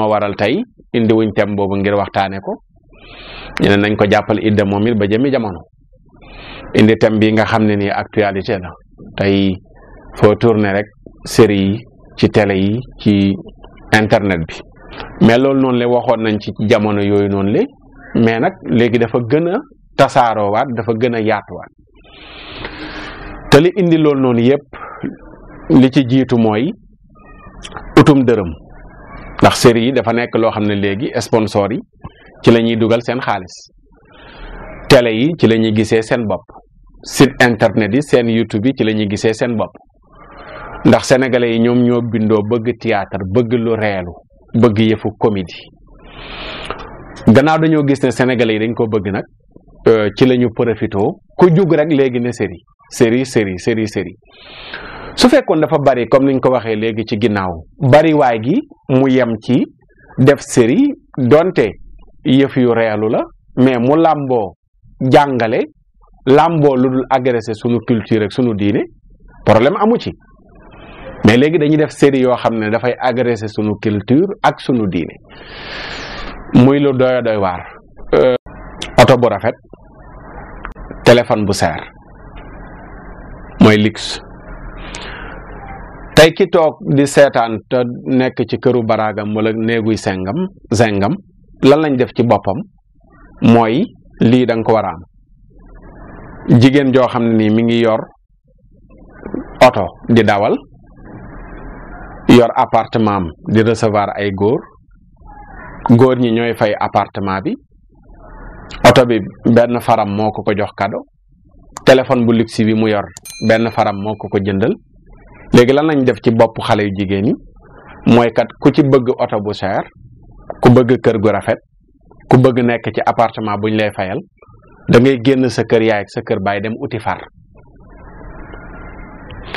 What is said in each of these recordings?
moo waral tey indi wuñ tem boobu ngir waxtaane ko ñu nañ ko jàppal idda moom it ba jëmi jamono indi tem bi nga xam ne nii actualité la tey foo tourné rek série yi ci télé yi ci internet bi mais loolu noonu la waxoon nañ ci jamono yooyu noonu la mais nag léegi dafa gën a tasaaroowaat dafa gën a yaatuwaat te indi loolu noonu yépp li ci jiitu mooy utum dërëm ndax série yi dafa nekk loo xam ne léegi sponsor yi ci la ñuy dugal seen xaalis télé yi ci lañuy gisee seen bopp site internet yi seen YouTube yi ci la ñuy gisee seen bopp ndax sénégalais yi ñoom ñoo bindoo bëgg théâtre bëgg lu reelu bëgg yëfu comédie gannaaw dañoo gis ne sénégalais yi dañ ko bëgg nag euh, ci lañu ñu profité ku jug rek léegi ne série série série série série su fekkoon dafa bari comme niñ ko waxee léegi ci ginnaaw bari waay gi mu yem ci def série donte yëf yu reelu la mais mu làmboo jàngale làmboo lu dul agressé sunu culture ak sunu diine problème amu ci mais léegi dañuy def série yoo xam ne dafay agressé sunu culture ak sunu diine muy lu doy doy waar euh, oto bu rafet téléphone bu seer mooy luxe tey ki toog di seetaan te nekk ci këru baraagam wala néeguy sengam sengam lan lañ def ci boppam mooy lii da ko war a am jigéen joo xam ne ni mi ngi yor oto di dawal yor appartement am di recevoir ay góor góor ñi ñooy fay appartement bi oto bi benn faram moo ko ko jox kado téléphone bu luxe bi mu yor benn faram moo koko ko jëndal léegi lan lañ def ci bopp xale yu jigéen yi mooy kat ku ci bëgg oto bu cher ku bëgg kër gu rafet ku bëgg nekk ci appartement buñ lay fayal dangay génn sa kër yaay ak sa kër baay dem uti far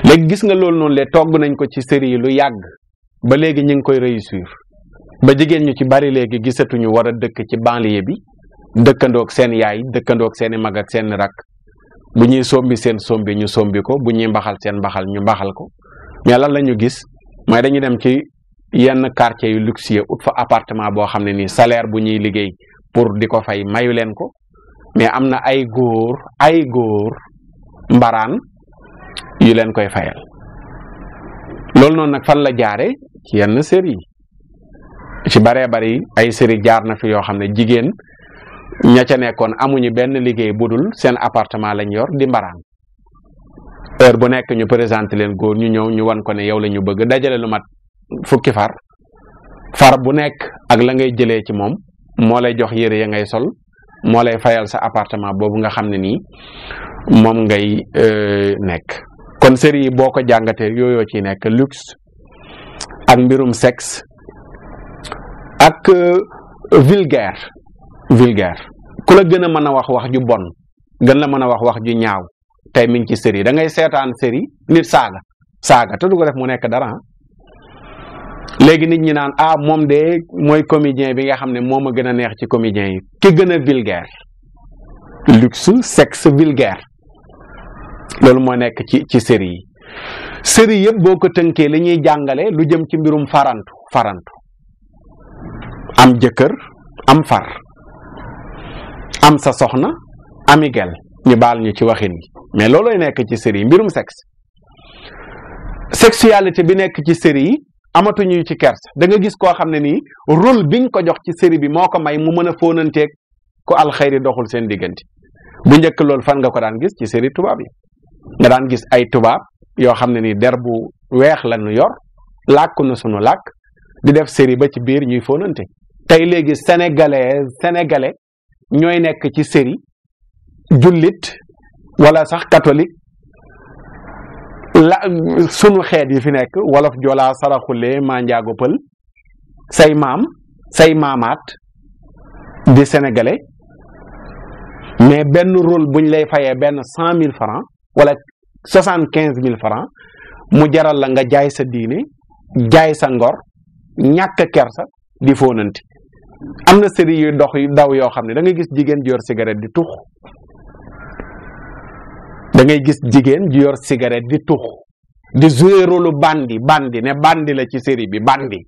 léegi gis nga loolu noon le togg nañ ko ci série yi lu yàgg ba léegi ñu ngi koy réussir ba jigéen ñu ci bari léegi gisatuñu war a dëkk ci banlieue bi dëkkandook seen yaay dëkkandoog seeni mag ak seeni rakk bu ñuy sombi seen sombi ñu sombi ko bu ñuy mbaxal seen mbaxal ñu mbaxal ko mais lan la gis mais dañuy dem ci yenn quartier yu luxueux ut fa appartement boo xam ne nii salaire bu ñuy liggéey pour di ko fay mayu leen ko mais am na ay góor ay góor mbaraan yu leen koy fayal loolu noonu nag fan la jaare ci yenn série ci baree bari ay série jaar na fi yoo xam ne jigéen ña ca nekkoon amuñu benn liggéey budul seen appartement lañ yor di mbaraan heure bu nekk ñu présenté leen góor ñu ñëw ñu wan ko ne yow lañu bëgg dajaleelu lu mat fukki far far bu nekk ak la ngay jëlee ci moom moo lay jox yére ya ngay sol moo lay fayal sa appartement boobu nga xam ne nii moom ngay euh, nekk kon série boo ko jàngatee yooyoo ci nekk luxe ak mbirum sex ak euh, vulgaire vulgaire ku la gën a mën a wax wax ju bon gën la mën a wax wax ju ñaaw tey mi ngi ci série da ngay seetaan série nit saaga saaga te du ko def mu nekk dara léegi nit ñi naan a ah, moom de mooy comédien bi nga xam ne moo ma gën a neex ci comédien yi ki gën a vulgaire luxe sexe vulgaire loolu moo nekk ci ci série yi série yëpp boo ko tënkee li ñuy jàngale lu jëm ci mbirum farantu farantu am jëkkër am far am sa soxna amigel ñu baal ñu ci waxin bi mais loolooy nekk ci série yi mbirum sexe sexualité bi nekk ci seri yi amatuñu ci kers da nga gis koo xam ne nii rôle biñ ko jox ci seri bi moo ko may mu mën a fóonanteeg ku alxayri doxul seen diggante bu njëkk loolu fan nga ko daan gis ci série tubaab yi nga daan gis ay tubaab yoo xam ne nii der bu weex la ñu yor làkk na sunu làkk di def seri ba ci biir ñuy fóonante tey léegi sénégalais senegale ñooy nekk ci série jullit wala sax catholique la sunu xeet yi fi nekk wolof joolaa saraxule manjaago pël say maam say maamaat di sénégalais mais benn rôle buñ lay fayee benn cent mille francs wala soixante quinze mille francs mu jaral la nga jaay sa diine jaay sa ngor ñàkk kersa di fóonanti am na série yu dox yu daw yoo xam ne da gis jigéen joor cigarette di tux da ngay gis jigéen ji yor cigarette di tux di jouer rôle bandi bandi ne bandi la ci série bi bandi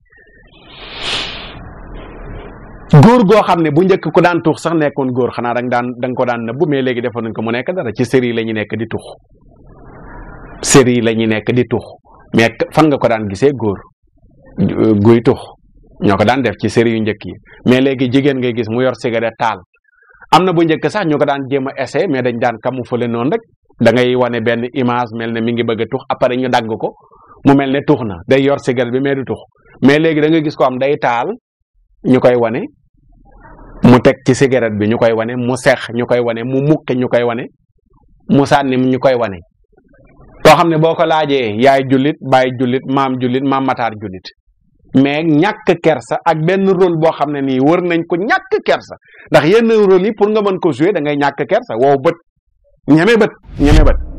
góor goo xam ne bu njëkk ko daan tux sax nekkoon góor xanaa danga daan da ko daan nëbbu mais léegi defoon nañ ko mu nekk dara ci série la ñu nekk di tux série la ñu nekk di tux mais fan nga ko daan gisee góor euh, guy tux ñoo ko daan def ci série yu njëkk yi mais léegi jigéen ngay gis mu yor cigarette taal am na bu njëkk sax ñoo ko daan jéem a essayé dañ daan camoufler noonu rek da ngay wane benn image mel ne mi ngi bëgg a tux après ñu dagg ko mu mel ne tux na day yor cigarette bi mais du tux mais léegi da nga gis ko am day taal ñu koy wane mu teg ci cigarette bi ñu koy wane mu seex ñu koy wane mu mukki ñu koy wane mu sànni ñu koy wane. too xam ne boo ko laajee yaay jullit baay jullit maam jullit maam mataar jullit mais ñàkk kersa ak benn rôle boo xam ne nii wër nañ ko ñàkk kersa ndax yenn rôle yi pour nga mën ko jouer da ngay ñàkk kersa ñeme bët ñeme bët